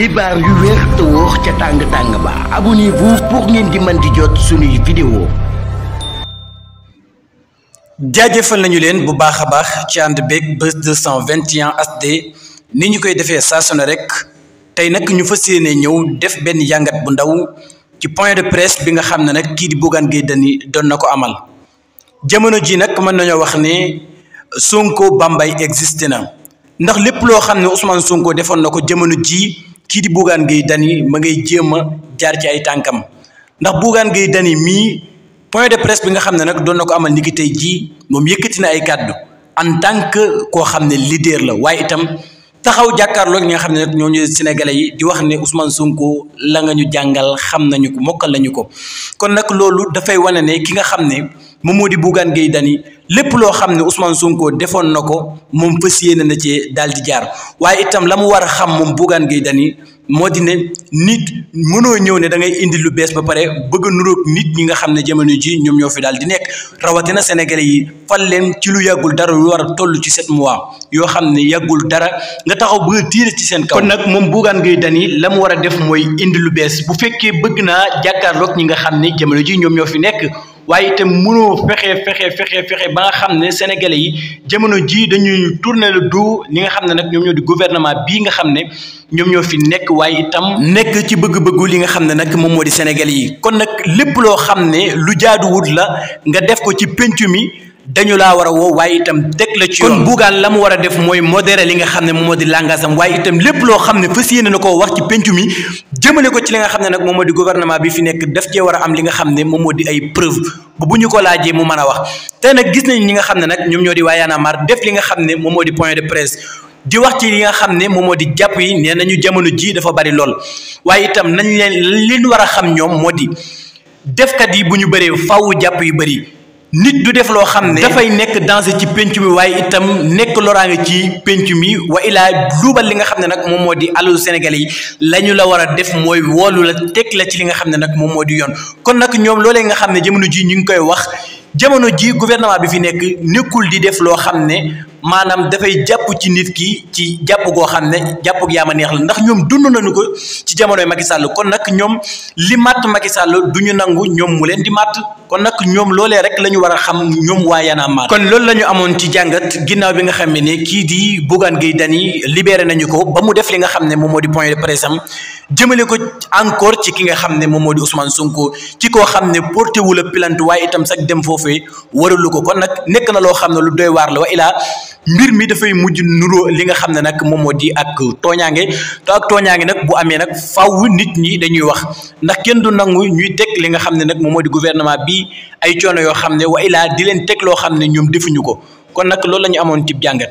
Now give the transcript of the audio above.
xibaar yu wér te wóor ca tàng tàng ba abonnez-vous pour ngeen di mën di jot suñuy vidéo jaajëfal nañu leen bu baax a baax ci ànd beeg Buzz 221 HD ni ñu koy defee saa rek tey nag ñu fas yéene ñëw def benn yàngat bu ndaw ci point de presse bi nga xam ne nag kii di Bougane Gueye Dany doon na ko amal jamono ji nag mën nañoo wax ne Sonko Bambay existé na ndax lépp loo xam ne Ousmane Sonko defoon na ko jamono ji kii di Bougane Gueye Dany ma ngay jéem a jaar ci ay tànkam ndax Bougane Gueye Dany mii point de presse bi nga xam ne nag doon na ko amal ni ki tey jii moom yëkkati na ay kàddu en tant que koo xam ne leader la waaye itam taxaw jàkkaar jàkkaarloo ñi nga xam ne nag ñooñu sénégalais yi di wax ne Ousmane Sonko la nga ñu jàngal xam nañu ko mokkal lañu ko kon nag loolu dafay wane ne ki nga xam ne. moom moo di Bougane Gueye Dany lépp loo xam ne Ousmane Sonko defoon na ko moom fas yéene na cee daal di jaar waaye itam la mu war a xam moom Bougane Gueye Dany moo di ne nit mënoo ñëw ne da ngay indi lu bees ba pare bëgg a nuróog nit ñi nga xam ne jamono ji ñoom ñoo fi daal di nekk rawatina sénégalais yi fal leen ci lu yàggul dara war a toll ci sept mois yoo xam ne yàggul dara nga taxaw bëgg ci seen kaw. nag moom Bougane Gueye Dany la mu war a def mooy indi lu bees bu fekkee bëgg naa jàkkaarloog ñi nga xam ne jamono ji ñoom ñoo fi nekk. waye itam mënoo fexé fexé fexé fexe ba nga xamné sénégalais yi jëmono ji dañuy tourner le dos ni nga xamné nak ñom ñoo di gouvernement bi nga xamné ñom ñoo fi nekk waye itam. nekk ci bëgg-bëggu li nga xamné nak nag modi sénégalais yi kon nak lepp lo xamné lu jaadu jaaduwut la nga def ko ci pencu mi. dañu laa war a woo waaye itam teg la ci yoon kon bugaan la mu war a def mooy modéré li nga xam ne moom moo di langage am waaye itam lépp loo xam ne fas yéene na koo wax ci pencu mi jëmale ko ci li nga xam ne nag moom di gouvernement bi fi nekk daf cee war am li nga xam ne moom ay preuve bu ñu ko laajee mu mën a wax te nag gis nañ ñi nga xam ne nag ñoom ñoo di waa Y'en def li nga xam ne moom moo di point de presse di wax ci li nga xam ne moom moo di jàpp yi nee nañu jamono ji dafa bari lool waaye itam nañ leen li war a xam ñoom moo di defkat yi bu ñu bëree faaw jàpp yu bëri nit du def loo xam ne dafay nekk danger ci pénc mi waaye itam nekk loraange ci penc mi wa ilaa luubal li nga xam ne nag moom moo di alalu sénégal yi la ñu la war a def mooy woolu la teg la ci li nga xam ne nag moom moo di yoon kon nag ñoom loolee nga xam ne jamono ji ñu ngi koy wax jamono ji gouvernement bi fi nekk nekkul di def loo xam ne maanaam dafay jàpp ci nit ki ci jàpp goo xam ne jàpp yaa ma neex la ndax ñoom dund nañu ko ci jamonoy Macky Sall kon nag ñoom li màtt Macky Sall du ñu nangu ñoom mu leen di màtt kon nag ñoom loolee rek la ñu war a xam ñoom waa Y'en a kon loolu la ñu amoon ci jàngat ginnaaw bi nga xam ne kii di buggan Gueye Dany libere nañu ko ba mu def li nga xam ne moom moo di point de presse am jëmale ko encore ci ki nga xam ne moom moo di Ousmane Sonko ci koo xam ne porté wu la waaye itam sag dem foofee waralu ko kon nag nekk na loo xam ne lu doy waar la wa mbir mi dafay mujj nuroo li nga xam ne nag moom moo di ak tooñaange te ak tooñaange nag bu amee nag faw nit ñi dañuy wax ndax kenn du nangu ñuy teg li nga xam ne nag moom moo di gouvernement bi ay coono yoo xam ne wa ilaa di leen teg loo xam ne ñoom defuñu ko kon nag loolu la ñu amoon ci jàngat.